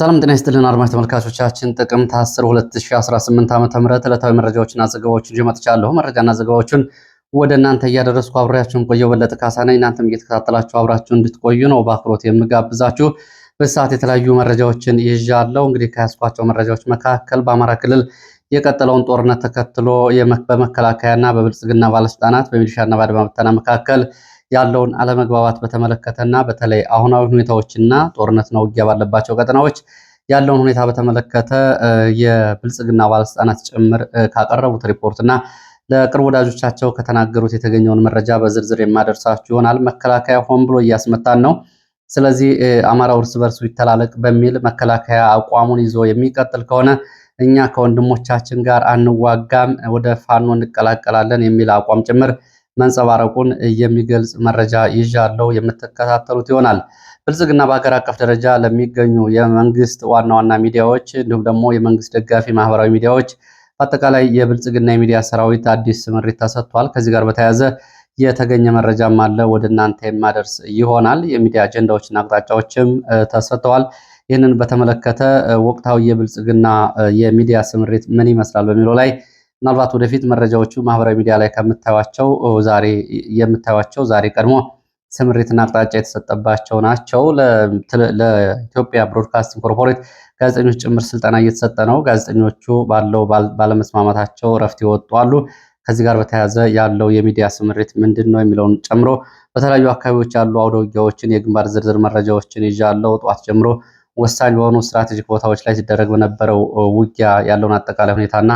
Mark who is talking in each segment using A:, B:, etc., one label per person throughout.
A: ሰላም ጤና ይስጥልን አድማጭ ተመልካቾቻችን፣ ጥቅምት 10 2018 ዓ.ም ዕለታዊ መረጃዎችና ዘገባዎችን ይዤ መጥቻለሁ። መረጃና ዘገባዎችን ወደ እናንተ እያደረስኩ አብሬያችሁን ቆየሁ። በለጠ ካሳ ነኝ። እናንተም እየተከታተላችሁ አብራችሁ እንድትቆዩ ነው በአክብሮት የምጋብዛችሁ። በሰዓት የተለያዩ መረጃዎችን ይዣለሁ። እንግዲህ ከያዝኳቸው መረጃዎች መካከል በአማራ ክልል የቀጠለውን ጦርነት ተከትሎ በመከላከያና በብልጽግና ባለስልጣናት በሚሊሻና በአድማ ብተና መካከል ያለውን አለመግባባት በተመለከተና በተለይ አሁናዊ ሁኔታዎችና ጦርነትና ውጊያ ባለባቸው ቀጠናዎች ያለውን ሁኔታ በተመለከተ የብልጽግና ባለስልጣናት ጭምር ካቀረቡት ሪፖርትና ለቅርብ ወዳጆቻቸው ከተናገሩት የተገኘውን መረጃ በዝርዝር የማደርሳችሁ ይሆናል። መከላከያ ሆን ብሎ እያስመታን ነው፣ ስለዚህ አማራው እርስ በርሱ ይተላለቅ በሚል መከላከያ አቋሙን ይዞ የሚቀጥል ከሆነ እኛ ከወንድሞቻችን ጋር አንዋጋም፣ ወደ ፋኖ እንቀላቀላለን የሚል አቋም ጭምር መንጸባረቁን የሚገልጽ መረጃ ይዣለው የምትከታተሉት ይሆናል። ብልጽግና በሀገር አቀፍ ደረጃ ለሚገኙ የመንግስት ዋና ዋና ሚዲያዎች እንዲሁም ደግሞ የመንግስት ደጋፊ ማህበራዊ ሚዲያዎች በአጠቃላይ የብልጽግና የሚዲያ ሰራዊት አዲስ ስምሪት ተሰጥቷል። ከዚህ ጋር በተያያዘ የተገኘ መረጃም አለ ወደ እናንተ የማደርስ ይሆናል። የሚዲያ አጀንዳዎችና አቅጣጫዎችም ተሰጥተዋል። ይህንን በተመለከተ ወቅታዊ የብልጽግና የሚዲያ ስምሪት ምን ይመስላል በሚለው ላይ ምናልባት ወደፊት መረጃዎቹ ማህበራዊ ሚዲያ ላይ ከምታዩቸው ዛሬ የምታዩቸው ዛሬ ቀድሞ ስምሪትና አቅጣጫ የተሰጠባቸው ናቸው። ለኢትዮጵያ ብሮድካስቲንግ ኮርፖሬት ጋዜጠኞች ጭምር ስልጠና እየተሰጠ ነው። ጋዜጠኞቹ ባለው ባለመስማማታቸው እረፍት ይወጡ አሉ። ከዚህ ጋር በተያያዘ ያለው የሚዲያ ስምሪት ምንድን ነው የሚለውን ጨምሮ በተለያዩ አካባቢዎች ያሉ አውደ ውጊያዎችን የግንባር ዝርዝር መረጃዎችን ይዣለው። ጠዋት ጀምሮ ወሳኝ በሆኑ ስትራቴጂክ ቦታዎች ላይ ሲደረግ በነበረው ውጊያ ያለውን አጠቃላይ ሁኔታና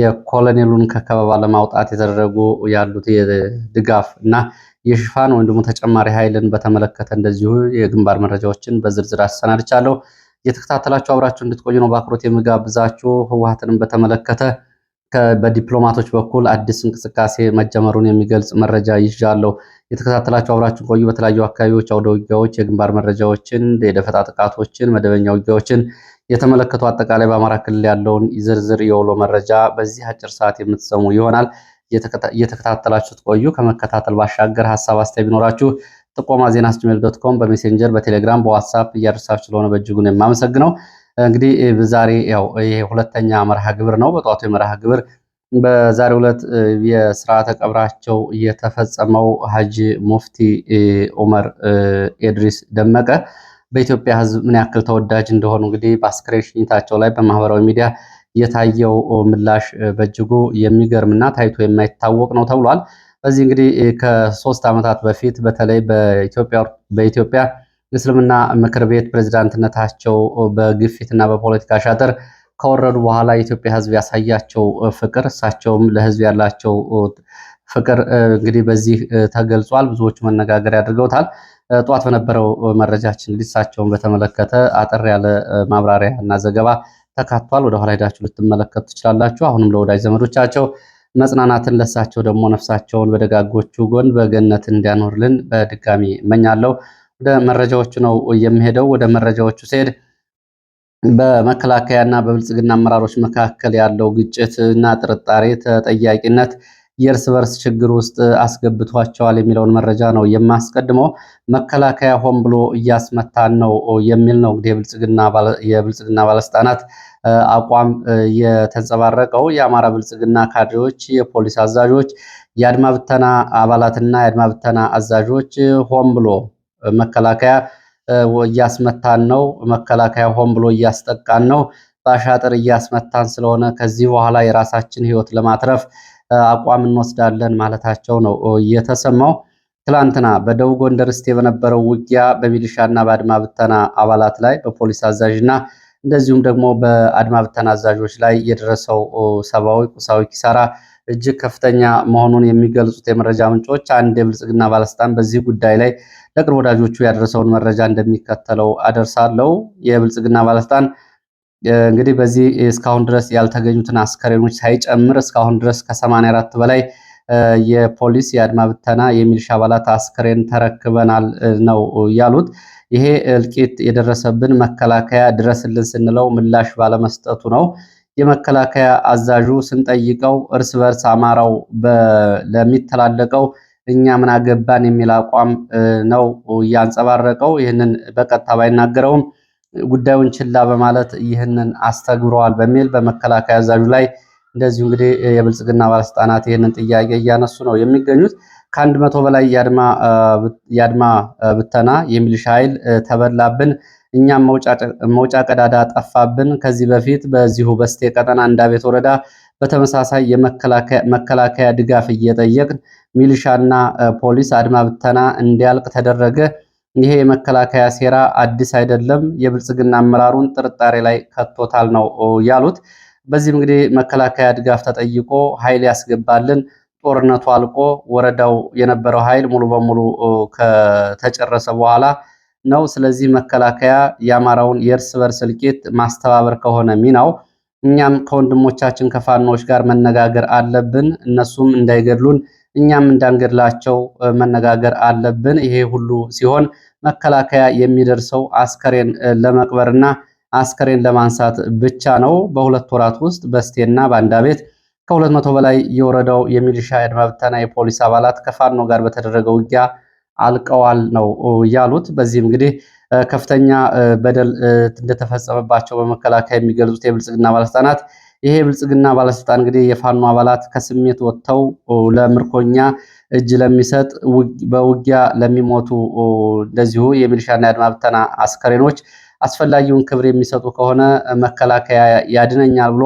A: የኮሎኔሉን ከከበባ ለማውጣት የተደረጉ ያሉት ድጋፍ እና የሽፋን ወይም ደግሞ ተጨማሪ ኃይልን በተመለከተ እንደዚሁ የግንባር መረጃዎችን በዝርዝር አሰናድቻለሁ። የተከታተላችሁ አብራችሁ እንድትቆዩ ነው በአክብሮት የምጋብዛችሁ። ህወሓትንም በተመለከተ በዲፕሎማቶች በኩል አዲስ እንቅስቃሴ መጀመሩን የሚገልጽ መረጃ ይዣለሁ። የተከታተላችሁ አብራችሁ ቆዩ። በተለያዩ አካባቢዎች አውደ ውጊያዎች፣ የግንባር መረጃዎችን፣ የደፈጣ ጥቃቶችን፣ መደበኛ ውጊያዎችን የተመለከቱ አጠቃላይ በአማራ ክልል ያለውን ዝርዝር የውሎ መረጃ በዚህ አጭር ሰዓት የምትሰሙ ይሆናል። እየተከታተላችሁት ቆዩ ከመከታተል ባሻገር ሀሳብ አስተያየት ቢኖራችሁ ጥቆማ ዜና ጂሜል ዶት ኮም በሜሴንጀር በቴሌግራም በዋትሳፕ እያደረሳችሁ ስለሆነ ነው የማመሰግነው። እንግዲህ ዛሬ ያው ይሄ ሁለተኛ መርሃ ግብር ነው። በጠዋቱ የመርሃ ግብር በዛሬው ዕለት የስርዓተ ቀብራቸው የተፈጸመው ሀጂ ሙፍቲ ኡመር ኤድሪስ ደመቀ በኢትዮጵያ ሕዝብ ምን ያክል ተወዳጅ እንደሆኑ እንግዲህ በአስክሬን ሽኝታቸው ላይ በማህበራዊ ሚዲያ የታየው ምላሽ በእጅጉ የሚገርምና ታይቶ የማይታወቅ ነው ተብሏል። በዚህ እንግዲህ ከሶስት ዓመታት በፊት በተለይ በኢትዮጵያ እስልምና ምክር ቤት ፕሬዝዳንትነታቸው በግፊትና በፖለቲካ ሻጥር ከወረዱ በኋላ የኢትዮጵያ ህዝብ ያሳያቸው ፍቅር እሳቸውም ለህዝብ ያላቸው ፍቅር እንግዲህ በዚህ ተገልጿል። ብዙዎቹ መነጋገር ያድርገውታል። ጠዋት በነበረው መረጃችን ሊሳቸውን በተመለከተ አጠር ያለ ማብራሪያ እና ዘገባ ተካቷል። ወደኋላ ሄዳችሁ ልትመለከቱ ትችላላችሁ። አሁንም ለወዳጅ ዘመዶቻቸው መጽናናትን ለሳቸው ደግሞ ነፍሳቸውን በደጋጎቹ ጎን በገነት እንዲያኖርልን በድጋሚ እመኛለሁ። ወደ መረጃዎቹ ነው የምሄደው። ወደ መረጃዎቹ ሲሄድ በመከላከያና በብልጽግና አመራሮች መካከል ያለው ግጭት እና ጥርጣሬ ተጠያቂነት የእርስ በርስ ችግር ውስጥ አስገብቷቸዋል የሚለውን መረጃ ነው የማስቀድመው። መከላከያ ሆን ብሎ እያስመታን ነው የሚል ነው እንግዲህ የብልጽግና ባለስልጣናት አቋም የተንጸባረቀው። የአማራ ብልጽግና ካድሬዎች፣ የፖሊስ አዛዦች፣ የአድማ ብተና አባላትና የአድማ ብተና አዛዦች ሆን ብሎ መከላከያ እያስመታን ነው፣ መከላከያ ሆን ብሎ እያስጠቃን ነው፣ በአሻጥር እያስመታን ስለሆነ ከዚህ በኋላ የራሳችን ህይወት ለማትረፍ አቋም እንወስዳለን ማለታቸው ነው የተሰማው። ትላንትና በደቡብ ጎንደር እስቴ በነበረው ውጊያ በሚሊሻና በአድማ ብተና አባላት ላይ በፖሊስ አዛዥና እንደዚሁም ደግሞ በአድማ ብተና አዛዦች ላይ የደረሰው ሰብአዊ፣ ቁሳዊ ኪሳራ እጅግ ከፍተኛ መሆኑን የሚገልጹት የመረጃ ምንጮች አንድ የብልጽግና ባለስልጣን በዚህ ጉዳይ ላይ ለቅርብ ወዳጆቹ ያደረሰውን መረጃ እንደሚከተለው አደርሳለሁ። የብልጽግና ባለስልጣን እንግዲህ በዚህ እስካሁን ድረስ ያልተገኙትን አስከሬኖች ሳይጨምር እስካሁን ድረስ ከ84 በላይ የፖሊስ የአድማ ብተና የሚሊሻ አባላት አስከሬን ተረክበናል ነው ያሉት። ይሄ እልቂት የደረሰብን መከላከያ ድረስልን ስንለው ምላሽ ባለመስጠቱ ነው። የመከላከያ አዛዡ ስንጠይቀው እርስ በርስ አማራው ለሚተላለቀው እኛ ምን አገባን የሚል አቋም ነው እያንጸባረቀው። ይህንን በቀጥታ ባይናገረውም ጉዳዩን ችላ በማለት ይህንን አስተግብረዋል በሚል በመከላከያ አዛዡ ላይ እንደዚሁ እንግዲህ የብልጽግና ባለስልጣናት ይህንን ጥያቄ እያነሱ ነው የሚገኙት። ከአንድ መቶ በላይ የአድማ ብተና የሚሊሻ ኃይል ተበላብን፣ እኛም መውጫ ቀዳዳ ጠፋብን። ከዚህ በፊት በዚሁ በስቴ ቀጠና እንዳቤት ወረዳ በተመሳሳይ የመከላከያ ድጋፍ እየጠየቅን ሚሊሻና ፖሊስ አድማ ብተና እንዲያልቅ ተደረገ። ይሄ የመከላከያ ሴራ አዲስ አይደለም፣ የብልጽግና አመራሩን ጥርጣሬ ላይ ከቶታል ነው ያሉት። በዚህም እንግዲህ መከላከያ ድጋፍ ተጠይቆ ኃይል ያስገባልን ጦርነቱ አልቆ ወረዳው የነበረው ኃይል ሙሉ በሙሉ ከተጨረሰ በኋላ ነው። ስለዚህ መከላከያ የአማራውን የእርስ በርስ እልቂት ማስተባበር ከሆነ ሚናው እኛም ከወንድሞቻችን ከፋኖዎች ጋር መነጋገር አለብን። እነሱም እንዳይገድሉን እኛም እንዳንገድላቸው መነጋገር አለብን። ይሄ ሁሉ ሲሆን መከላከያ የሚደርሰው አስከሬን ለመቅበርና አስከሬን ለማንሳት ብቻ ነው። በሁለት ወራት ውስጥ በስቴና በአንዳ ቤት ከሁለት መቶ በላይ የወረዳው የሚሊሻ የአድማ የፖሊስ አባላት ከፋኖ ጋር በተደረገ ውጊያ አልቀዋል ነው ያሉት። በዚህም እንግዲህ ከፍተኛ በደል እንደተፈጸመባቸው በመከላከያ የሚገልጹት የብልጽግና ባለስልጣናት ይሄ ብልጽግና ባለስልጣን እንግዲህ የፋኖ አባላት ከስሜት ወጥተው ለምርኮኛ እጅ ለሚሰጥ በውጊያ ለሚሞቱ እንደዚሁ የሚሊሻና የአድማ ብተና አስከሬኖች አስፈላጊውን ክብር የሚሰጡ ከሆነ መከላከያ ያድነኛል ብሎ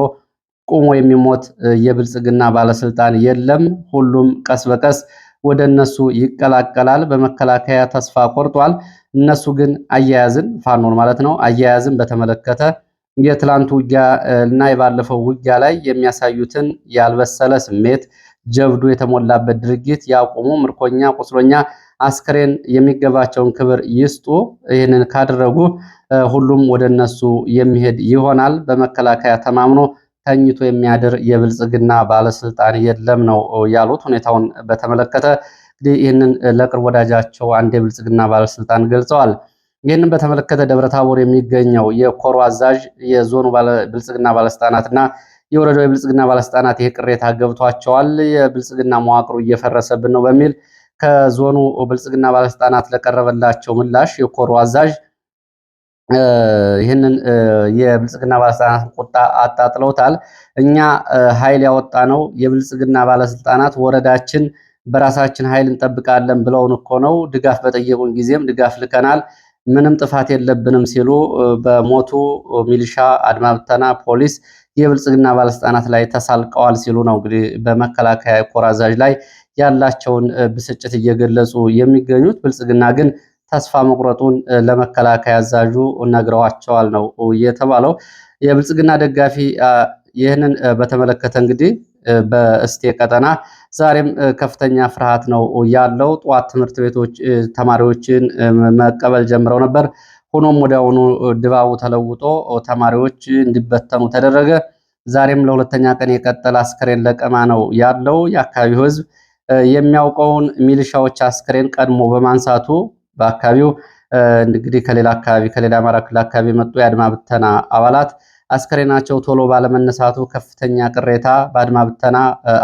A: ቁሞ የሚሞት የብልጽግና ባለስልጣን የለም። ሁሉም ቀስ በቀስ ወደ እነሱ ይቀላቀላል። በመከላከያ ተስፋ ቆርጧል። እነሱ ግን አያያዝን ፋኖን ማለት ነው አያያዝን በተመለከተ የትላንቱ ውጊያ እና የባለፈው ውጊያ ላይ የሚያሳዩትን ያልበሰለ ስሜት፣ ጀብዱ የተሞላበት ድርጊት ያቁሙ። ምርኮኛ፣ ቁስሎኛ አስክሬን የሚገባቸውን ክብር ይስጡ። ይህንን ካደረጉ ሁሉም ወደ እነሱ የሚሄድ ይሆናል። በመከላከያ ተማምኖ ተኝቶ የሚያድር የብልጽግና ባለስልጣን የለም ነው ያሉት። ሁኔታውን በተመለከተ እንግዲህ ይህንን ለቅርብ ወዳጃቸው አንድ የብልጽግና ባለስልጣን ገልጸዋል። ይህንን በተመለከተ ደብረታቦር የሚገኘው የኮሮ አዛዥ የዞኑ ብልጽግና ባለስልጣናትና የወረዳው የብልጽግና ባለስልጣናት ይሄ ቅሬታ ገብቷቸዋል። የብልጽግና መዋቅሩ እየፈረሰብን ነው በሚል ከዞኑ ብልጽግና ባለስልጣናት ለቀረበላቸው ምላሽ የኮሮ አዛዥ ይህንን የብልጽግና ባለስልጣናት ቁጣ አጣጥለውታል። እኛ ኃይል ያወጣ ነው የብልጽግና ባለስልጣናት ወረዳችን በራሳችን ኃይል እንጠብቃለን ብለውን እኮ ነው። ድጋፍ በጠየቁን ጊዜም ድጋፍ ልከናል። ምንም ጥፋት የለብንም ሲሉ በሞቱ ሚሊሻ አድማብተና ፖሊስ የብልጽግና ባለስልጣናት ላይ ተሳልቀዋል ሲሉ ነው እንግዲህ በመከላከያ ኮር አዛዥ ላይ ያላቸውን ብስጭት እየገለጹ የሚገኙት። ብልጽግና ግን ተስፋ መቁረጡን ለመከላከያ አዛዡ ነግረዋቸዋል ነው የተባለው። የብልጽግና ደጋፊ ይህንን በተመለከተ እንግዲህ በእስቴ ቀጠና ዛሬም ከፍተኛ ፍርሃት ነው ያለው። ጠዋት ትምህርት ቤቶች ተማሪዎችን መቀበል ጀምረው ነበር። ሆኖም ወዲያውኑ ድባቡ ተለውጦ ተማሪዎች እንዲበተኑ ተደረገ። ዛሬም ለሁለተኛ ቀን የቀጠለ አስከሬን ለቀማ ነው ያለው። የአካባቢው ሕዝብ የሚያውቀውን ሚሊሻዎች አስክሬን ቀድሞ በማንሳቱ በአካባቢው እንግዲህ ከሌላ አካባቢ ከሌላ አማራ ክልል አካባቢ የመጡ የአድማ ብተና አባላት አስክሬናቸው ቶሎ ባለመነሳቱ ከፍተኛ ቅሬታ በአድማ ብተና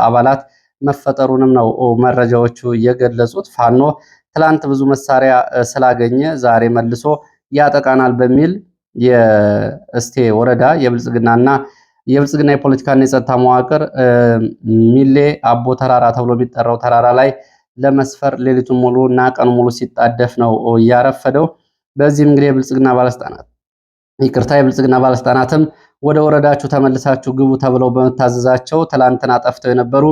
A: አባላት መፈጠሩንም ነው መረጃዎቹ የገለጹት። ፋኖ ትላንት ብዙ መሳሪያ ስላገኘ ዛሬ መልሶ ያጠቃናል በሚል የእስቴ ወረዳ የብልጽግናና የብልጽግና የፖለቲካና የጸጥታ መዋቅር ሚሌ አቦ ተራራ ተብሎ የሚጠራው ተራራ ላይ ለመስፈር ሌሊቱን ሙሉ እና ቀኑ ሙሉ ሲጣደፍ ነው እያረፈደው። በዚህም እንግዲህ የብልጽግና ባለስልጣናት ይቅርታ የብልጽግና ባለስልጣናትም ወደ ወረዳችሁ ተመልሳችሁ ግቡ ተብለው በመታዘዛቸው ትላንትና ጠፍተው የነበሩ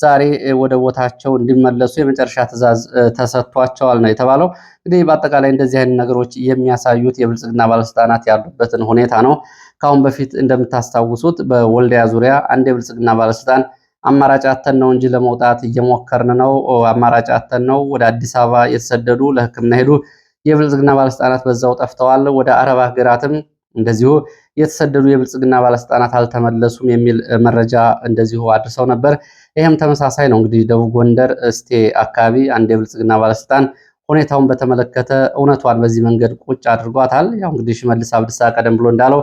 A: ዛሬ ወደ ቦታቸው እንዲመለሱ የመጨረሻ ትዕዛዝ ተሰጥቷቸዋል ነው የተባለው። እንግዲህ በአጠቃላይ እንደዚህ አይነት ነገሮች የሚያሳዩት የብልጽግና ባለስልጣናት ያሉበትን ሁኔታ ነው። ከአሁን በፊት እንደምታስታውሱት በወልዲያ ዙሪያ አንድ የብልጽግና ባለስልጣን አማራጭ አተን ነው እንጂ ለመውጣት እየሞከርን ነው፣ አማራጭ አተን ነው፣ ወደ አዲስ አበባ የተሰደዱ ለሕክምና ሄዱ የብልጽግና ባለስልጣናት በዛው ጠፍተዋል፣ ወደ አረብ ሀገራትም እንደዚሁ የተሰደዱ የብልጽግና ባለስልጣናት አልተመለሱም የሚል መረጃ እንደዚሁ አድርሰው ነበር። ይህም ተመሳሳይ ነው። እንግዲህ ደቡብ ጎንደር እስቴ አካባቢ አንድ የብልጽግና ባለስልጣን ሁኔታውን በተመለከተ እውነቷን በዚህ መንገድ ቁጭ አድርጓታል። ያው እንግዲህ ሽመልስ አብድሳ ቀደም ብሎ እንዳለው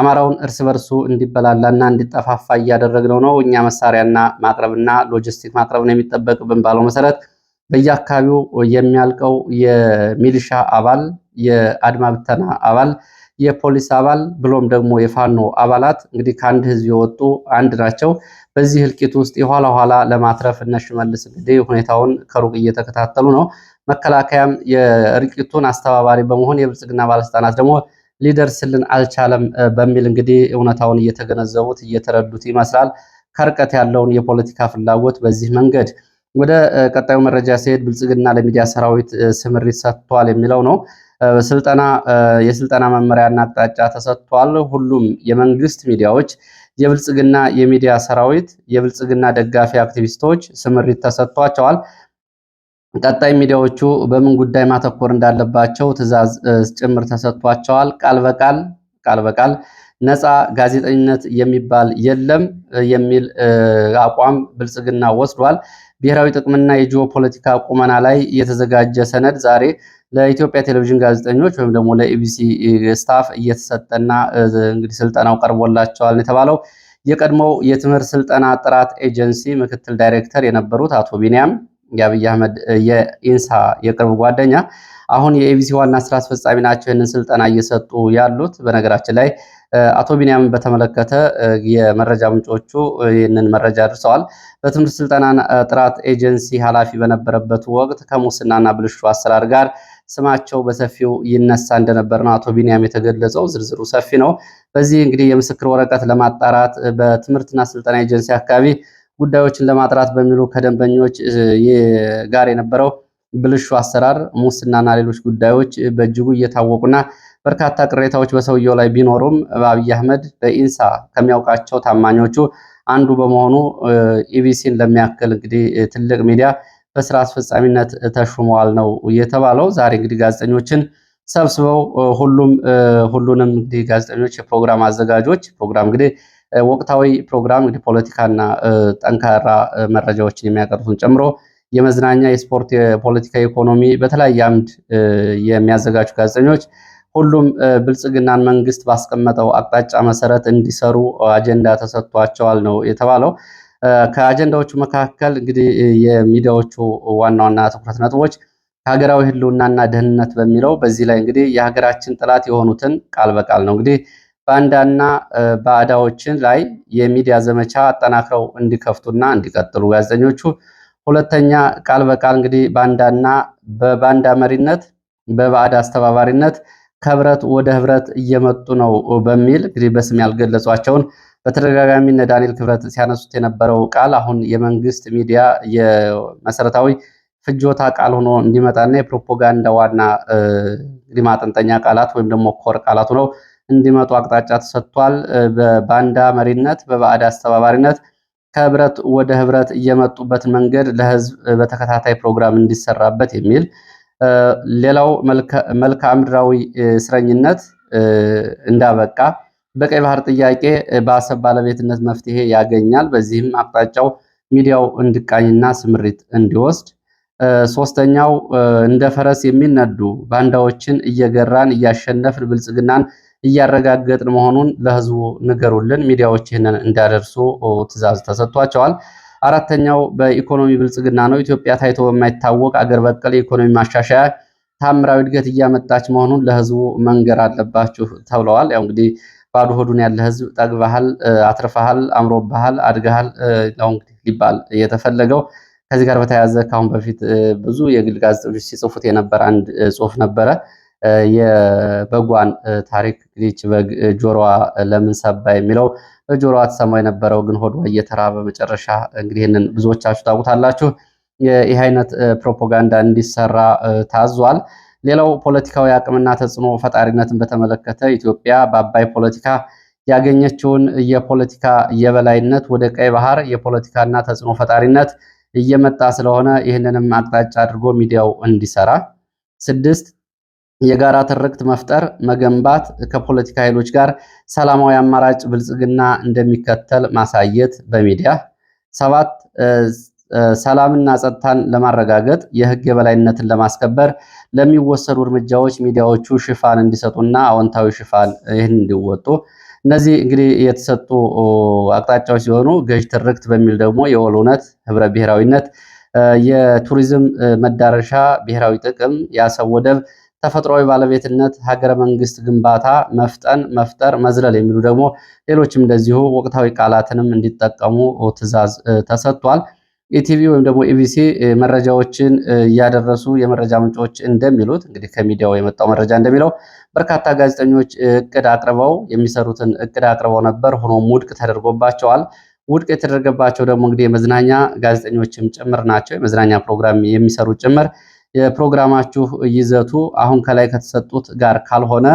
A: አማራውን እርስ በርሱ እንዲበላላና እንዲጠፋፋ እያደረግነው ነው እኛ መሳሪያና ማቅረብና ሎጂስቲክ ማቅረብ ነው የሚጠበቅብን ባለው መሰረት በየአካባቢው የሚያልቀው የሚሊሻ አባል የአድማ ብተና አባል የፖሊስ አባል ብሎም ደግሞ የፋኖ አባላት እንግዲህ ከአንድ ህዝብ የወጡ አንድ ናቸው። በዚህ እልቂት ውስጥ የኋላ ኋላ ለማትረፍ እነ ሽመልስ እንግዲህ ሁኔታውን ከሩቅ እየተከታተሉ ነው። መከላከያም የእልቂቱን አስተባባሪ በመሆን የብልጽግና ባለስልጣናት ደግሞ ሊደርስልን አልቻለም በሚል እንግዲህ እውነታውን እየተገነዘቡት እየተረዱት ይመስላል። ከርቀት ያለውን የፖለቲካ ፍላጎት በዚህ መንገድ ወደ ቀጣዩ መረጃ ሲሄድ ብልጽግና ለሚዲያ ሰራዊት ስምሪት ሰጥቷል የሚለው ነው። ስልጠና የስልጠና መመሪያና አቅጣጫ ተሰጥቷል። ሁሉም የመንግስት ሚዲያዎች የብልጽግና የሚዲያ ሰራዊት፣ የብልጽግና ደጋፊ አክቲቪስቶች ስምሪት ተሰጥቷቸዋል። ቀጣይ ሚዲያዎቹ በምን ጉዳይ ማተኮር እንዳለባቸው ትዕዛዝ ጭምር ተሰጥቷቸዋል። ቃል በቃል ቃል በቃል ነፃ ጋዜጠኝነት የሚባል የለም የሚል አቋም ብልጽግና ወስዷል። ብሔራዊ ጥቅምና የጂኦ ፖለቲካ ቁመና ላይ የተዘጋጀ ሰነድ ዛሬ ለኢትዮጵያ ቴሌቪዥን ጋዜጠኞች ወይም ደግሞ ለኢቢሲ ስታፍ እየተሰጠና እንግዲህ ስልጠናው ቀርቦላቸዋል ነው የተባለው። የቀድሞው የትምህርት ስልጠና ጥራት ኤጀንሲ ምክትል ዳይሬክተር የነበሩት አቶ ቢንያም የአብይ አህመድ የኢንሳ የቅርብ ጓደኛ አሁን የኤቢሲ ዋና ስራ አስፈጻሚ ናቸው። ይህንን ስልጠና እየሰጡ ያሉት በነገራችን ላይ አቶ ቢንያም በተመለከተ የመረጃ ምንጮቹ ይህንን መረጃ አድርሰዋል። በትምህርት ስልጠና ጥራት ኤጀንሲ ኃላፊ በነበረበት ወቅት ከሙስናና ብልሹ አሰራር ጋር ስማቸው በሰፊው ይነሳ እንደነበር ነው አቶ ቢንያም የተገለጸው። ዝርዝሩ ሰፊ ነው። በዚህ እንግዲህ የምስክር ወረቀት ለማጣራት በትምህርትና ስልጠና ኤጀንሲ አካባቢ ጉዳዮችን ለማጥራት በሚሉ ከደንበኞች ጋር የነበረው ብልሹ አሰራር፣ ሙስናና ሌሎች ጉዳዮች በእጅጉ እየታወቁና በርካታ ቅሬታዎች በሰውየው ላይ ቢኖሩም በአብይ አህመድ በኢንሳ ከሚያውቃቸው ታማኞቹ አንዱ በመሆኑ ኢቢሲን ለሚያክል እንግዲህ ትልቅ ሚዲያ በስራ አስፈጻሚነት ተሹመዋል ነው የተባለው። ዛሬ እንግዲህ ጋዜጠኞችን ሰብስበው ሁሉም ሁሉንም እንግዲህ ጋዜጠኞች፣ የፕሮግራም አዘጋጆች ፕሮግራም እንግዲህ ወቅታዊ ፕሮግራም እንግዲህ ፖለቲካና ጠንካራ መረጃዎችን የሚያቀርቡትን ጨምሮ የመዝናኛ፣ የስፖርት፣ የፖለቲካ፣ ኢኮኖሚ በተለያየ አምድ የሚያዘጋጁ ጋዜጠኞች ሁሉም ብልጽግናን መንግስት ባስቀመጠው አቅጣጫ መሰረት እንዲሰሩ አጀንዳ ተሰጥቷቸዋል ነው የተባለው። ከአጀንዳዎቹ መካከል እንግዲህ የሚዲያዎቹ ዋና ዋና ትኩረት ነጥቦች ከሀገራዊ ህልውናና ደህንነት በሚለው በዚህ ላይ እንግዲህ የሀገራችን ጠላት የሆኑትን ቃል በቃል ነው እንግዲህ ባንዳና ባዕዳዎችን ላይ የሚዲያ ዘመቻ አጠናክረው እንዲከፍቱና እንዲቀጥሉ ጋዜጠኞቹ። ሁለተኛ ቃል በቃል እንግዲህ ባንዳና በባንዳ መሪነት በባዕድ አስተባባሪነት ከህብረት ወደ ህብረት እየመጡ ነው በሚል እንግዲህ በስም ያልገለጿቸውን በተደጋጋሚ እነ ዳንኤል ክብረት ሲያነሱት የነበረው ቃል አሁን የመንግስት ሚዲያ የመሰረታዊ ፍጆታ ቃል ሆኖ እንዲመጣና የፕሮፓጋንዳ ዋና ማጠንጠኛ ቃላት ወይም ደግሞ ኮር ቃላት ሆነው እንዲመጡ አቅጣጫ ተሰጥቷል። በባንዳ መሪነት፣ በባዕድ አስተባባሪነት ከህብረት ወደ ህብረት እየመጡበት መንገድ ለህዝብ በተከታታይ ፕሮግራም እንዲሰራበት የሚል ሌላው መልክዓ ምድራዊ እስረኝነት እንዳበቃ በቀይ ባህር ጥያቄ በአሰብ ባለቤትነት መፍትሄ ያገኛል። በዚህም አቅጣጫው ሚዲያው እንዲቃኝና ስምሪት እንዲወስድ። ሶስተኛው እንደ ፈረስ የሚነዱ ባንዳዎችን እየገራን እያሸነፍን ብልጽግናን እያረጋገጥን መሆኑን ለህዝቡ ንገሩልን። ሚዲያዎች ይህንን እንዲያደርሱ ትዕዛዝ ተሰጥቷቸዋል። አራተኛው በኢኮኖሚ ብልጽግና ነው። ኢትዮጵያ ታይቶ በማይታወቅ አገር በቀል የኢኮኖሚ ማሻሻያ ታምራዊ እድገት እያመጣች መሆኑን ለህዝቡ መንገር አለባችሁ ተብለዋል። ያው እንግዲህ ባዶ ሆዱን ያለ ህዝብ ጠግበሃል፣ አትርፈሃል፣ አምሮብሃል፣ አድገሃል ያው እንግዲህ ሊባል የተፈለገው። ከዚህ ጋር በተያያዘ ከአሁን በፊት ብዙ የግል ጋዜጦች ሲጽፉት የነበረ አንድ ጽሁፍ ነበረ። የበጓን ታሪክ ይች በግ ጆሮዋ ለምን ሰባ የሚለው በጆሮዋ ተሰማ የነበረው ግን ሆዷ እየተራበ በመጨረሻ እንግዲህ ይህንን ብዙዎቻችሁ ታውቁታላችሁ። ይህ አይነት ፕሮፓጋንዳ እንዲሰራ ታዟል። ሌላው ፖለቲካዊ አቅምና ተጽዕኖ ፈጣሪነትን በተመለከተ ኢትዮጵያ በአባይ ፖለቲካ ያገኘችውን የፖለቲካ የበላይነት ወደ ቀይ ባህር የፖለቲካና ተጽዕኖ ፈጣሪነት እየመጣ ስለሆነ ይህንንም አቅጣጫ አድርጎ ሚዲያው እንዲሰራ ስድስት የጋራ ትርክት መፍጠር፣ መገንባት፣ ከፖለቲካ ኃይሎች ጋር ሰላማዊ አማራጭ ብልጽግና እንደሚከተል ማሳየት በሚዲያ ሰባት ሰላምና ጸጥታን ለማረጋገጥ የህግ የበላይነትን ለማስከበር ለሚወሰዱ እርምጃዎች ሚዲያዎቹ ሽፋን እንዲሰጡና አዎንታዊ ሽፋን ይህን እንዲወጡ እነዚህ እንግዲህ የተሰጡ አቅጣጫዎች ሲሆኑ ገዥ ትርክት በሚል ደግሞ የወል እውነት፣ ህብረ ብሔራዊነት፣ የቱሪዝም መዳረሻ፣ ብሔራዊ ጥቅም፣ የአሰብ ወደብ ተፈጥሯዊ ባለቤትነት፣ ሀገረ መንግስት ግንባታ፣ መፍጠን፣ መፍጠር፣ መዝለል የሚሉ ደግሞ ሌሎችም እንደዚሁ ወቅታዊ ቃላትንም እንዲጠቀሙ ትዕዛዝ ተሰጥቷል። ኢቲቪ ወይም ደግሞ ኢቢሲ መረጃዎችን እያደረሱ የመረጃ ምንጮች እንደሚሉት እንግዲህ ከሚዲያው የመጣው መረጃ እንደሚለው በርካታ ጋዜጠኞች እቅድ አቅርበው የሚሰሩትን እቅድ አቅርበው ነበር። ሆኖም ውድቅ ተደርጎባቸዋል። ውድቅ የተደረገባቸው ደግሞ እንግዲህ የመዝናኛ ጋዜጠኞችም ጭምር ናቸው። የመዝናኛ ፕሮግራም የሚሰሩ ጭምር የፕሮግራማችሁ ይዘቱ አሁን ከላይ ከተሰጡት ጋር ካልሆነ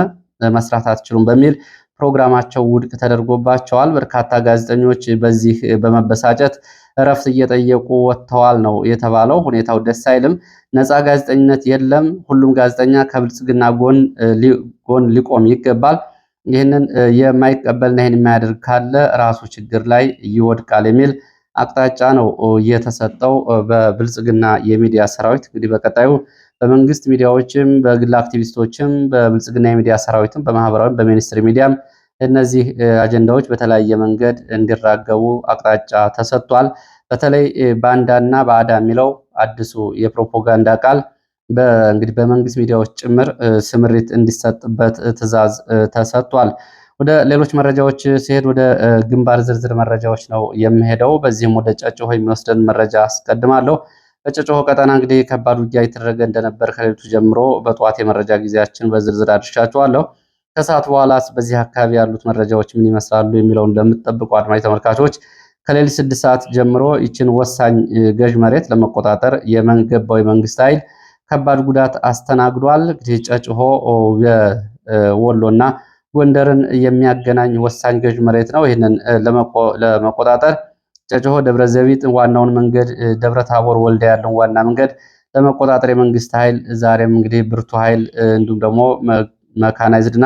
A: መስራት አትችሉም በሚል ፕሮግራማቸው ውድቅ ተደርጎባቸዋል። በርካታ ጋዜጠኞች በዚህ በመበሳጨት እረፍት እየጠየቁ ወጥተዋል ነው የተባለው። ሁኔታው ደስ አይልም። ነፃ ጋዜጠኝነት የለም። ሁሉም ጋዜጠኛ ከብልጽግና ጎን ሊቆም ይገባል። ይህንን የማይቀበልና ይህን የማያደርግ ካለ ራሱ ችግር ላይ ይወድቃል የሚል አቅጣጫ ነው የተሰጠው በብልጽግና የሚዲያ ሰራዊት። እንግዲህ በቀጣዩ በመንግስት ሚዲያዎችም በግል አክቲቪስቶችም በብልጽግና የሚዲያ ሰራዊትም በማህበራዊ በሚኒስትር ሚዲያም እነዚህ አጀንዳዎች በተለያየ መንገድ እንዲራገቡ አቅጣጫ ተሰጥቷል። በተለይ ባንዳና ባዕዳ የሚለው አዲሱ የፕሮፓጋንዳ ቃል እንግዲህ በመንግስት ሚዲያዎች ጭምር ስምሪት እንዲሰጥበት ትዕዛዝ ተሰጥቷል። ወደ ሌሎች መረጃዎች ሲሄድ ወደ ግንባር ዝርዝር መረጃዎች ነው የምሄደው። በዚህም ወደ ጨጨሆ የሚወስደን መረጃ አስቀድማለሁ። በጨጨሆ ቀጠና እንግዲህ ከባድ ውጊያ የተደረገ እንደነበር ከሌሊቱ ጀምሮ በጠዋት የመረጃ ጊዜያችን በዝርዝር አድርሻችኋለሁ። ከሰዓት በኋላስ በዚህ አካባቢ ያሉት መረጃዎች ምን ይመስላሉ የሚለውን ለምትጠብቁ አድማጭ ተመልካቾች ከሌሊት ስድስት ሰዓት ጀምሮ ይችን ወሳኝ ገዥ መሬት ለመቆጣጠር የገባው የመንግስት ኃይል ከባድ ጉዳት አስተናግዷል። እንግዲህ ጨጭሆ የወሎና ጎንደርን የሚያገናኝ ወሳኝ ገዥ መሬት ነው። ይህንን ለመቆጣጠር ጨጨሆ ደብረ ዘቢጥ ዋናውን መንገድ፣ ደብረ ታቦር ወልዳ ያለውን ዋና መንገድ ለመቆጣጠር የመንግስት ኃይል ዛሬም እንግዲህ ብርቱ ኃይል እንዲሁም ደግሞ መካናይዝድና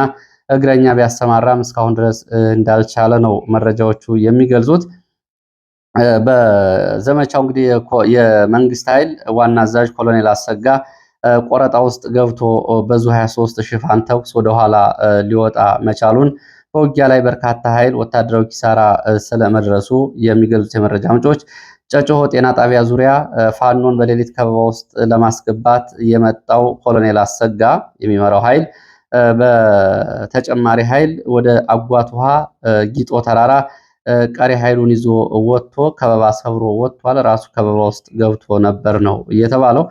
A: እግረኛ ቢያሰማራም እስካሁን ድረስ እንዳልቻለ ነው መረጃዎቹ የሚገልጹት። በዘመቻው እንግዲህ የመንግስት ኃይል ዋና አዛዥ ኮሎኔል አሰጋ ቆረጣ ውስጥ ገብቶ በዙ 23 ሽፋን ተኩስ ወደኋላ ሊወጣ መቻሉን በውጊያ ላይ በርካታ ኃይል ወታደራዊ ኪሳራ ስለመድረሱ የሚገልጹት የመረጃ ምንጮች ጨጮሆ ጤና ጣቢያ ዙሪያ ፋኖን በሌሊት ከበባ ውስጥ ለማስገባት የመጣው ኮሎኔል አሰጋ የሚመራው ኃይል በተጨማሪ ኃይል ወደ አጓት ውሃ ጊጦ ተራራ ቀሪ ኃይሉን ይዞ ወጥቶ ከበባ ሰብሮ ወጥቷል። ራሱ ከበባ ውስጥ ገብቶ ነበር ነው የተባለው።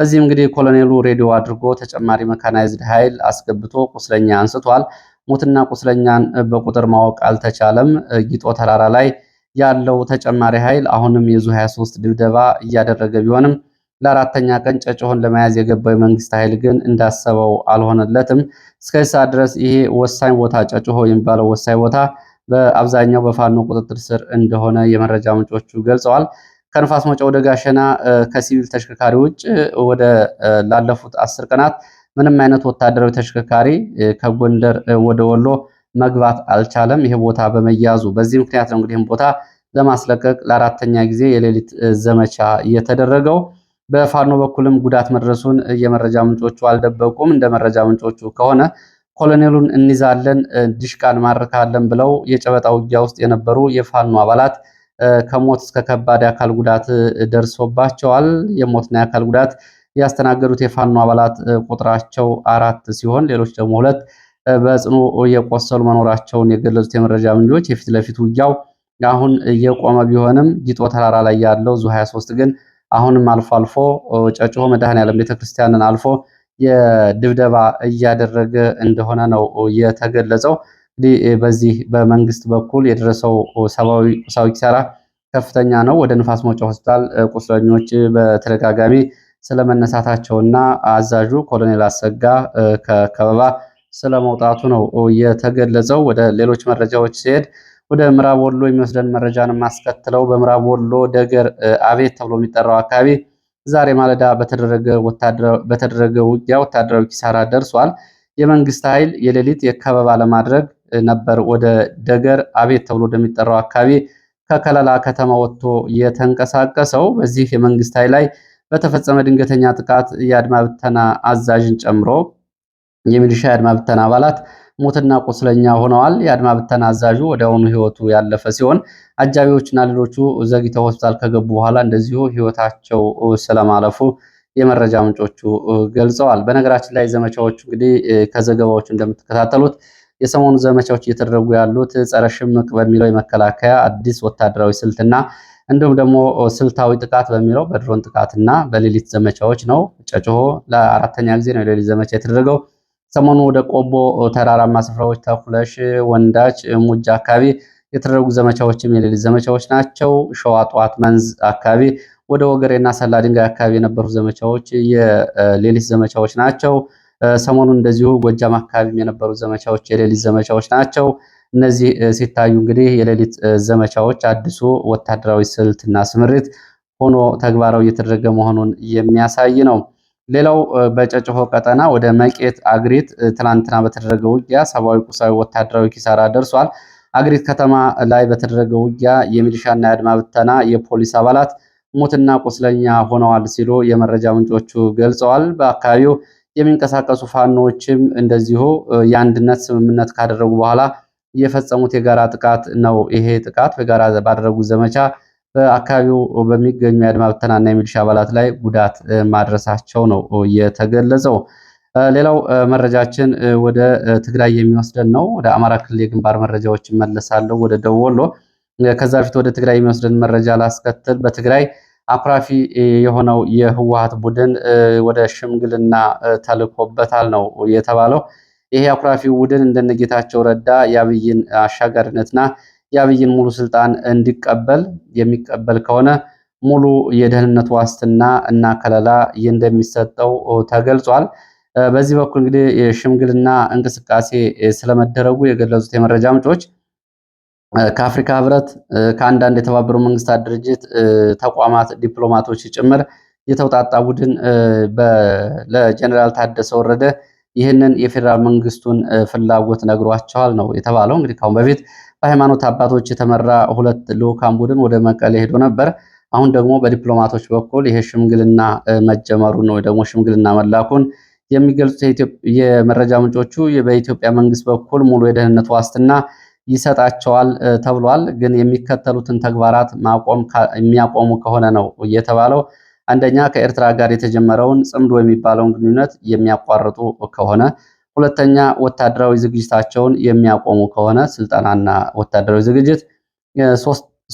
A: በዚህም እንግዲህ ኮሎኔሉ ሬዲዮ አድርጎ ተጨማሪ መካናይዝድ ኃይል አስገብቶ ቁስለኛ አንስቷል። ሙትና ቁስለኛን በቁጥር ማወቅ አልተቻለም። ጊጦ ተራራ ላይ ያለው ተጨማሪ ኃይል አሁንም የዙ 23 ድብደባ እያደረገ ቢሆንም ለአራተኛ ቀን ጨጨሆን ለመያዝ የገባው የመንግስት ኃይል ግን እንዳሰበው አልሆነለትም። እስከዚህ ሰዓት ድረስ ይሄ ወሳኝ ቦታ ጨጨሆ የሚባለው ወሳኝ ቦታ በአብዛኛው በፋኖ ቁጥጥር ስር እንደሆነ የመረጃ ምንጮቹ ገልጸዋል። ከንፋስ መውጫ ወደ ጋሸና ከሲቪል ተሽከርካሪ ውጭ ወደ ላለፉት አስር ቀናት ምንም አይነት ወታደራዊ ተሽከርካሪ ከጎንደር ወደ ወሎ መግባት አልቻለም። ይሄ ቦታ በመያዙ በዚህ ምክንያት ነው እንግዲህ ቦታ ለማስለቀቅ ለአራተኛ ጊዜ የሌሊት ዘመቻ እየተደረገው። በፋኖ በኩልም ጉዳት መድረሱን የመረጃ ምንጮቹ አልደበቁም። እንደ መረጃ ምንጮቹ ከሆነ ኮሎኔሉን እንይዛለን፣ ድሽቃን ማርካለን ብለው የጨበጣ ውጊያ ውስጥ የነበሩ የፋኖ አባላት ከሞት እስከ ከባድ የአካል ጉዳት ደርሶባቸዋል። የሞትና የአካል ጉዳት ያስተናገዱት የፋኖ አባላት ቁጥራቸው አራት ሲሆን ሌሎች ደግሞ ሁለት በጽኑ እየቆሰሉ መኖራቸውን የገለጹት የመረጃ ምንጮች የፊት ለፊት ውጊያው አሁን እየቆመ ቢሆንም ጊጦ ተራራ ላይ ያለው ዙ 23 ግን አሁንም አልፎ አልፎ ጨጭሆ መድኃኔዓለም ቤተክርስቲያንን አልፎ የድብደባ እያደረገ እንደሆነ ነው የተገለጸው። በዚህ በመንግስት በኩል የደረሰው ሰብአዊ ቁሳዊ ኪሳራ ከፍተኛ ነው። ወደ ንፋስ መውጫ ሆስፒታል ቁስለኞች በተደጋጋሚ ስለመነሳታቸውና አዛዡ ኮሎኔል አሰጋ ከከበባ ስለመውጣቱ ነው የተገለጸው። ወደ ሌሎች መረጃዎች ሲሄድ ወደ ምዕራብ ወሎ የሚወስደን መረጃን ማስከትለው በምዕራብ ወሎ ደገር አቤት ተብሎ የሚጠራው አካባቢ ዛሬ ማለዳ በተደረገ ውጊያ ወታደራዊ ኪሳራ ደርሷል። የመንግስት ኃይል የሌሊት የከበባ ለማድረግ ነበር ወደ ደገር አቤት ተብሎ ወደሚጠራው አካባቢ ከከለላ ከተማ ወጥቶ የተንቀሳቀሰው። በዚህ የመንግስት ኃይል ላይ በተፈጸመ ድንገተኛ ጥቃት የአድማ ብተና አዛዥን ጨምሮ የሚሊሻ የአድማ ብተና አባላት ሞትና ቁስለኛ ሆነዋል። የአድማ ብተና አዛዡ ወዲያውኑ ህይወቱ ያለፈ ሲሆን አጃቢዎችና ሌሎቹ ዘግይተው ሆስፒታል ከገቡ በኋላ እንደዚሁ ህይወታቸው ስለማለፉ የመረጃ ምንጮቹ ገልጸዋል። በነገራችን ላይ ዘመቻዎቹ እንግዲህ ከዘገባዎቹ እንደምትከታተሉት የሰሞኑ ዘመቻዎች እየተደረጉ ያሉት ጸረ ሽምቅ በሚለው የመከላከያ አዲስ ወታደራዊ ስልትና እንዲሁም ደግሞ ስልታዊ ጥቃት በሚለው በድሮን ጥቃትና በሌሊት ዘመቻዎች ነው። ጨጭሆ ለአራተኛ ጊዜ ነው የሌሊት ዘመቻ የተደረገው። ሰሞኑ ወደ ቆቦ ተራራማ ስፍራዎች፣ ተኩለሽ፣ ወንዳች፣ ሙጃ አካባቢ የተደረጉ ዘመቻዎችም የሌሊት ዘመቻዎች ናቸው። ሸዋ ጠዋት መንዝ አካባቢ ወደ ወገሬና ሰላ ድንጋይ አካባቢ የነበሩ ዘመቻዎች የሌሊት ዘመቻዎች ናቸው። ሰሞኑን እንደዚሁ ጎጃም አካባቢም የነበሩ ዘመቻዎች የሌሊት ዘመቻዎች ናቸው። እነዚህ ሲታዩ እንግዲህ የሌሊት ዘመቻዎች አዲሱ ወታደራዊ ስልትና ስምሪት ሆኖ ተግባራዊ እየተደረገ መሆኑን የሚያሳይ ነው። ሌላው በጨጭሆ ቀጠና ወደ መቄት አግሪት ትናንትና በተደረገ ውጊያ ሰብአዊ፣ ቁሳዊ፣ ወታደራዊ ኪሳራ ደርሷል። አግሪት ከተማ ላይ በተደረገ ውጊያ የሚሊሻና የአድማ ብተና የፖሊስ አባላት ሙትና ቁስለኛ ሆነዋል ሲሉ የመረጃ ምንጮቹ ገልጸዋል። በአካባቢው የሚንቀሳቀሱ ፋኖዎችም እንደዚሁ የአንድነት ስምምነት ካደረጉ በኋላ የፈጸሙት የጋራ ጥቃት ነው። ይሄ ጥቃት በጋራ ባደረጉት ዘመቻ በአካባቢው በሚገኙ የአድማ ብተናና የሚሊሻ አባላት ላይ ጉዳት ማድረሳቸው ነው የተገለጸው። ሌላው መረጃችን ወደ ትግራይ የሚወስደን ነው። ወደ አማራ ክልል የግንባር መረጃዎች እመለሳለሁ፣ ወደ ደቡብ ወሎ። ከዛ በፊት ወደ ትግራይ የሚወስደን መረጃ ላስከትል። በትግራይ አኩራፊ የሆነው የህወሀት ቡድን ወደ ሽምግልና ተልኮበታል ነው የተባለው። ይሄ አኩራፊ ቡድን እንደነጌታቸው ረዳ የአብይን አሻጋሪነትና የአብይን ሙሉ ስልጣን እንዲቀበል የሚቀበል ከሆነ ሙሉ የደህንነት ዋስትና እና ከለላ እንደሚሰጠው ተገልጿል። በዚህ በኩል እንግዲህ የሽምግልና እንቅስቃሴ ስለመደረጉ የገለጹት የመረጃ ምንጮች ከአፍሪካ ህብረት ከአንዳንድ የተባበሩ መንግስታት ድርጅት ተቋማት ዲፕሎማቶች ጭምር የተውጣጣ ቡድን ለጀኔራል ታደሰ ወረደ ይህንን የፌዴራል መንግስቱን ፍላጎት ነግሯቸዋል ነው የተባለው። እንግዲህ ካሁን በፊት በሃይማኖት አባቶች የተመራ ሁለት ልዑካን ቡድን ወደ መቀሌ ሄዶ ነበር። አሁን ደግሞ በዲፕሎማቶች በኩል ይሄ ሽምግልና መጀመሩ ነው ደግሞ ሽምግልና መላኩን የሚገልጹት የመረጃ ምንጮቹ። በኢትዮጵያ መንግስት በኩል ሙሉ የደህንነት ዋስትና ይሰጣቸዋል ተብሏል። ግን የሚከተሉትን ተግባራት ማቆም የሚያቆሙ ከሆነ ነው የተባለው። አንደኛ ከኤርትራ ጋር የተጀመረውን ጽምዶ የሚባለውን ግንኙነት የሚያቋርጡ ከሆነ፣ ሁለተኛ ወታደራዊ ዝግጅታቸውን የሚያቆሙ ከሆነ ስልጠናና ወታደራዊ ዝግጅት፣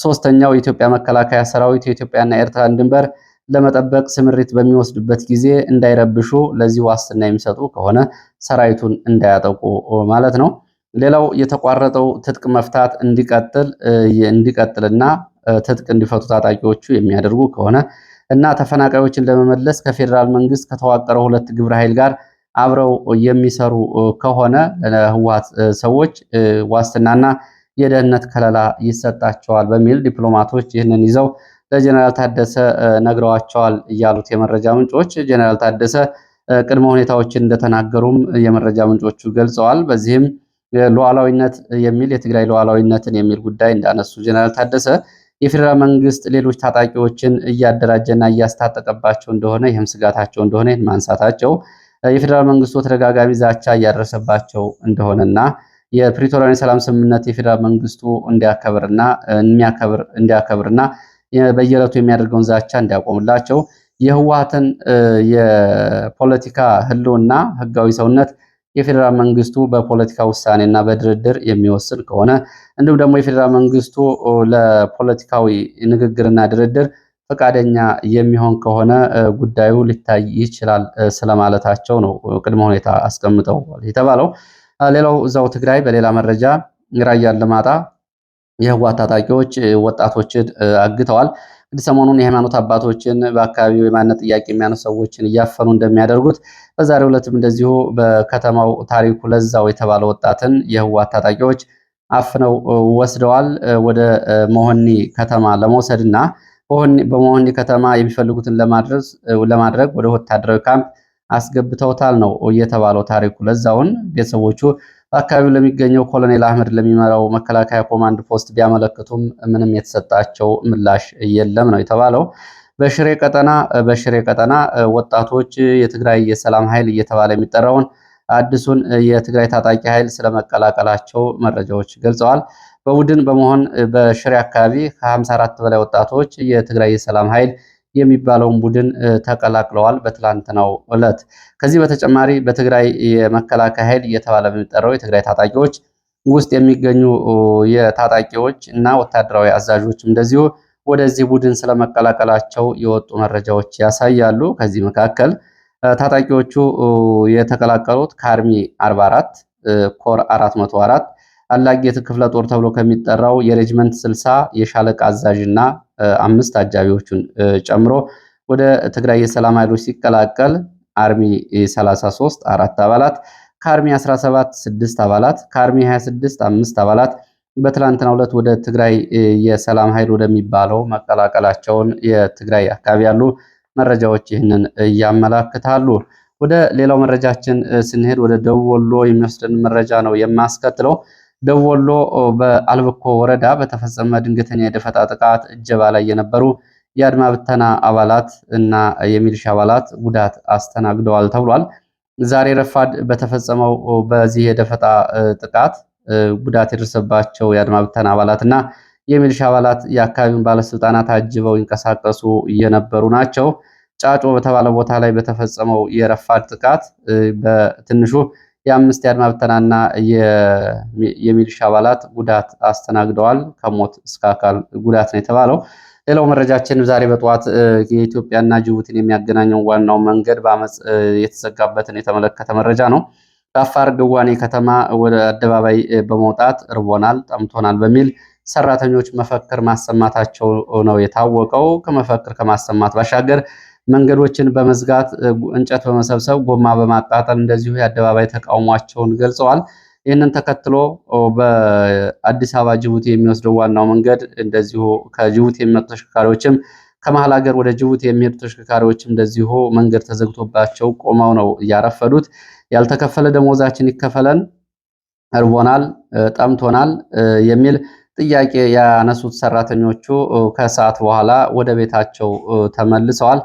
A: ሶስተኛው የኢትዮጵያ መከላከያ ሰራዊት የኢትዮጵያና የኤርትራን ድንበር ለመጠበቅ ስምሪት በሚወስድበት ጊዜ እንዳይረብሹ ለዚህ ዋስትና የሚሰጡ ከሆነ ሰራዊቱን እንዳያጠቁ ማለት ነው። ሌላው የተቋረጠው ትጥቅ መፍታት እንዲቀጥል እንዲቀጥልና ትጥቅ እንዲፈቱ ታጣቂዎቹ የሚያደርጉ ከሆነ እና ተፈናቃዮችን ለመመለስ ከፌዴራል መንግስት ከተዋቀረው ሁለት ግብረ ኃይል ጋር አብረው የሚሰሩ ከሆነ ለህወሓት ሰዎች ዋስትናና የደህንነት ከለላ ይሰጣቸዋል በሚል ዲፕሎማቶች ይህንን ይዘው ለጀነራል ታደሰ ነግረዋቸዋል እያሉት የመረጃ ምንጮች ጀነራል ታደሰ ቅድመ ሁኔታዎችን እንደተናገሩም የመረጃ ምንጮቹ ገልጸዋል። በዚህም ሉዓላዊነት የሚል የትግራይ ሉዓላዊነትን የሚል ጉዳይ እንዳነሱ ጀነራል ታደሰ የፌደራል መንግስት ሌሎች ታጣቂዎችን እያደራጀና እያስታጠቀባቸው እንደሆነ ይህም ስጋታቸው እንደሆነ ይህን ማንሳታቸው የፌደራል መንግስቱ ተደጋጋሚ ዛቻ እያደረሰባቸው እንደሆነና የፕሪቶሪያን የሰላም ስምምነት የፌደራል መንግስቱ እንዲያከብርና የሚያከብር እንዲያከብርና በየዕለቱ የሚያደርገውን ዛቻ እንዲያቆምላቸው የህወሓትን የፖለቲካ ህልውና ህጋዊ ሰውነት የፌዴራል መንግስቱ በፖለቲካ ውሳኔና በድርድር የሚወስን ከሆነ እንዲሁም ደግሞ የፌዴራል መንግስቱ ለፖለቲካዊ ንግግርና ድርድር ፈቃደኛ የሚሆን ከሆነ ጉዳዩ ሊታይ ይችላል ስለማለታቸው ነው ቅድመ ሁኔታ አስቀምጠው የተባለው። ሌላው እዛው ትግራይ በሌላ መረጃ ራያን ለማጣ የህወሓት ታጣቂዎች ወጣቶችን አግተዋል። እንግዲህ ሰሞኑን የሃይማኖት አባቶችን በአካባቢው የማንነት ጥያቄ የሚያነሱ ሰዎችን እያፈኑ እንደሚያደርጉት በዛሬው ዕለትም እንደዚሁ በከተማው ታሪኩ ለዛው የተባለ ወጣትን የህወሓት ታጣቂዎች አፍነው ወስደዋል። ወደ መሆኒ ከተማ ለመውሰድ እና በመሆኒ ከተማ የሚፈልጉትን ለማድረግ ወደ ወታደራዊ ካምፕ አስገብተውታል ነው የተባለው ታሪኩ ለዛውን ቤተሰቦቹ በአካባቢው ለሚገኘው ኮሎኔል አህመድ ለሚመራው መከላከያ ኮማንድ ፖስት ቢያመለክቱም ምንም የተሰጣቸው ምላሽ የለም ነው የተባለው። በሽሬ ቀጠና በሽሬ ቀጠና ወጣቶች የትግራይ የሰላም ኃይል እየተባለ የሚጠራውን አዲሱን የትግራይ ታጣቂ ኃይል ስለመቀላቀላቸው መረጃዎች ገልጸዋል። በቡድን በመሆን በሽሬ አካባቢ ከ54 በላይ ወጣቶች የትግራይ የሰላም ኃይል የሚባለውን ቡድን ተቀላቅለዋል በትላንትናው ዕለት። ከዚህ በተጨማሪ በትግራይ የመከላከያ ኃይል እየተባለ በሚጠራው የትግራይ ታጣቂዎች ውስጥ የሚገኙ የታጣቂዎች እና ወታደራዊ አዛዦች እንደዚሁ ወደዚህ ቡድን ስለመቀላቀላቸው የወጡ መረጃዎች ያሳያሉ። ከዚህ መካከል ታጣቂዎቹ የተቀላቀሉት ከአርሚ 44 ኮር 404 አላጌት ክፍለ ጦር ተብሎ ከሚጠራው የሬጅመንት 60 የሻለቃ አዛዥ እና አምስት አጃቢዎቹን ጨምሮ ወደ ትግራይ የሰላም ኃይሎች ሲቀላቀል አርሚ 33 አራት አባላት ከአርሚ 17 6 አባላት ከአርሚ 26 አምስት አባላት በትላንትና ዕለት ወደ ትግራይ የሰላም ኃይል ወደሚባለው መቀላቀላቸውን የትግራይ አካባቢ ያሉ መረጃዎች ይህንን እያመላክታሉ። ወደ ሌላው መረጃችን ስንሄድ ወደ ደቡብ ወሎ የሚወስድን መረጃ ነው የማስከትለው። ደወሎ በአልብኮ ወረዳ በተፈጸመ ድንገተኛ የደፈጣ ጥቃት እጀባ ላይ የነበሩ የአድማ ብተና አባላት እና የሚሊሻ አባላት ጉዳት አስተናግደዋል ተብሏል። ዛሬ ረፋድ በተፈጸመው በዚህ የደፈጣ ጥቃት ጉዳት የደረሰባቸው የአድማ ብተና አባላት እና የሚሊሻ አባላት የአካባቢውን ባለስልጣናት አጅበው ይንቀሳቀሱ የነበሩ ናቸው። ጫጮ በተባለ ቦታ ላይ በተፈጸመው የረፋድ ጥቃት በትንሹ የአምስት የአድማ ብተናና የሚሊሻ አባላት ጉዳት አስተናግደዋል። ከሞት እስከ አካል ጉዳት ነው የተባለው። ሌላው መረጃችን ዛሬ በጠዋት የኢትዮጵያና ጅቡቲን የሚያገናኘው ዋናው መንገድ በአመፅ የተዘጋበትን የተመለከተ መረጃ ነው። በአፋር ገዋኔ ከተማ ወደ አደባባይ በመውጣት እርቦናል፣ ጠምቶናል በሚል ሰራተኞች መፈክር ማሰማታቸው ነው የታወቀው። ከመፈክር ከማሰማት ባሻገር መንገዶችን በመዝጋት እንጨት በመሰብሰብ ጎማ በማቃጠል እንደዚሁ የአደባባይ ተቃውሟቸውን ገልጸዋል። ይህንን ተከትሎ በአዲስ አበባ ጅቡቲ የሚወስደው ዋናው መንገድ እንደዚሁ ከጅቡቲ የሚመጡ ተሽከርካሪዎችም ከመሀል ሀገር ወደ ጅቡቲ የሚሄዱ ተሽከርካሪዎችም እንደዚሁ መንገድ ተዘግቶባቸው ቆመው ነው እያረፈዱት። ያልተከፈለ ደሞዛችን ይከፈለን፣ እርቦናል፣ ጠምቶናል የሚል ጥያቄ ያነሱት ሰራተኞቹ ከሰዓት በኋላ ወደ ቤታቸው ተመልሰዋል።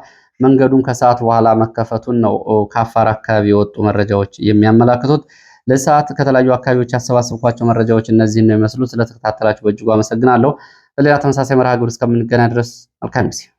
A: መንገዱን ከሰዓት በኋላ መከፈቱን ነው ከአፋር አካባቢ የወጡ መረጃዎች የሚያመላክቱት። ለሰዓት ከተለያዩ አካባቢዎች ያሰባሰብኳቸው መረጃዎች እነዚህን ነው የሚመስሉት። ስለተከታተላችሁ በእጅጉ አመሰግናለሁ። በሌላ ተመሳሳይ መርሃ ግብር እስከምንገናኝ ድረስ መልካም ጊዜ